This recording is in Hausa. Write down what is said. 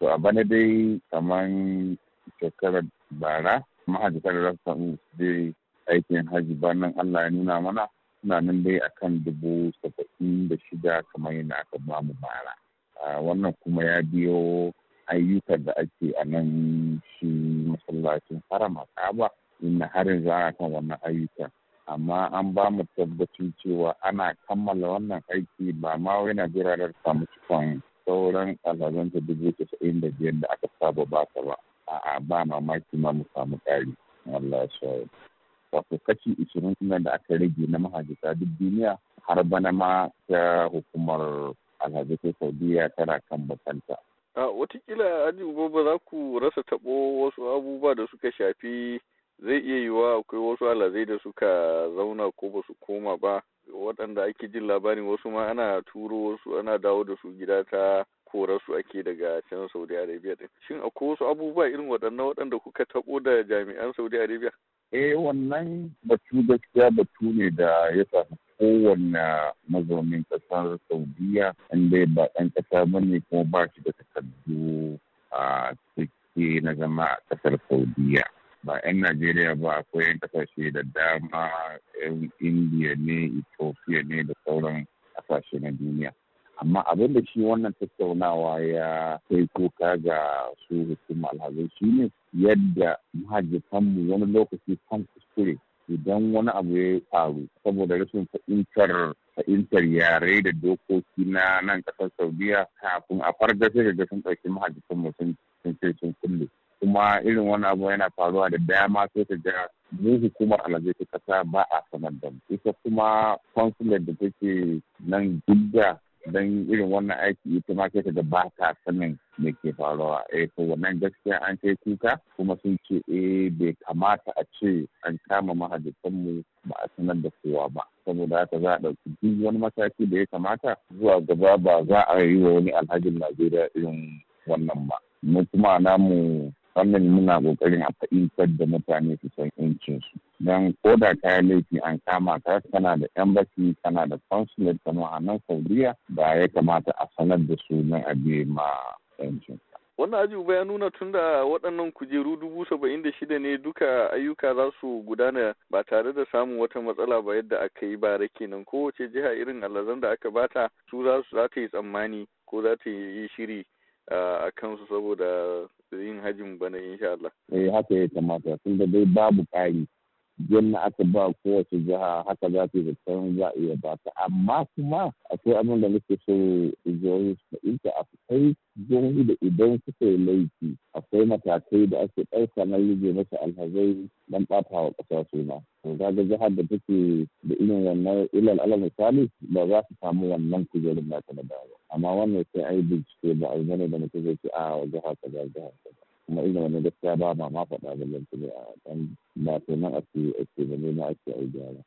to a bana dai kamar shekarar bara mahajjatar da su je aikin hajji banan allah ya nuna mana suna nan dai akan dubu saba'in da shida kamar yana aka bamu bara wannan kuma ya biyo ayyukan da ake a nan shi masallacin haram a kaba inda harin za a kan wannan ayyukan amma an ba mu tabbacin cewa ana kammala wannan aiki ba ma wai na da samu cikon sauran ɗaliban ta dubu casa'in da biyar da aka saba ba ta ba a'a ba mamaki ma mu samu ƙari Allah ya wato kashi ishirin nan da aka rage na mahajjata duk duniya har bana ma ta hukumar ta saudiya tana kan bakanta a watakila aji ba za ku rasa taɓo wasu abubuwa da suka shafi zai iya yiwuwa akwai wasu alazai da suka zauna ko ba su koma ba waɗanda ake jin labarin wasu ma ana turo wasu ana dawo da su gida ta korarsu ake daga can saudi arabia din shin akwai wasu abubuwa irin waɗannan waɗanda kuka taɓo da jami'an saudi arabia eh wannan batu gaskiya batu ne da ya samu kowanne mazaunin ƙasar saudiya inda ba ɗan ƙasa ba ne kuma ba shi da takardu a ah, cike na zama a ƙasar saudiya ba 'yan najeriya ba akwai 'yan kasashe da dama 'yan indiya ne ethiopia ne da sauran kasashe na duniya amma abin da shi wannan tattaunawa ya kai kuka ga su hukumar alhazai ne. yadda mahajikanmu wani lokaci kan kuskure idan wani abu ya faru saboda rashin fahimtar fahimtar yare da dokoki na nan kasar saudiya kafin a fargasa da ga sun ɗauki mahajjatan sun ce sun kulle kuma irin wani abu yana faruwa da dama sai ka ga mu hukumar alhaji ta kasa ba a sanar da mu ita kuma consulate da take nan jidda dan irin wannan aiki ita ma sai ka ga ba ta sanin me ke faruwa eh to wannan gaskiya an kai kuka kuma sun ce eh bai kamata a ce an kama mu ba a sanar da kowa ba saboda haka za a ɗauki duk wani mataki da ya kamata zuwa gaba ba za a yi wa wani alhajin najeriya irin wannan ba mu kuma namu wannan muna kokarin a fahimtar da mutane su san yancin su don ko da kayan laifi an kama ka kana da embassy kana da consulate kamar a nan saudiya da ya kamata a sanar da su nan a ma yancin wannan aji ya nuna tun da waɗannan kujeru dubu saba'in da shida ne duka ayyuka za su gudana ba tare da samun wata matsala ba yadda aka yi bara kenan kowace jiha irin alazan da aka bata su su za ta yi tsammani ko za ta yi shiri a kansu saboda yin hajjin bana insha Allah. Eh haka ya kamata da dai babu ƙari na aka ba kowace jiha haka za su da za a iya ba ta amma kuma akwai abin da muke so jihohi matakai da ake ɗauka na rige masa alhazai dan ɓata wa ƙasa suna. To kaga jihar da take da irin wannan ilal alal misali ba za su samu wannan kujerun nata na dawo. Amma wannan sai ai bincike ba a yi da mutum zai ce a jihar kaza jihar kaza. kuma ina wani gaskiya ba ma ma faɗa da lantarki a ɗan ba sai nan ake ake da nema ake ai gyara.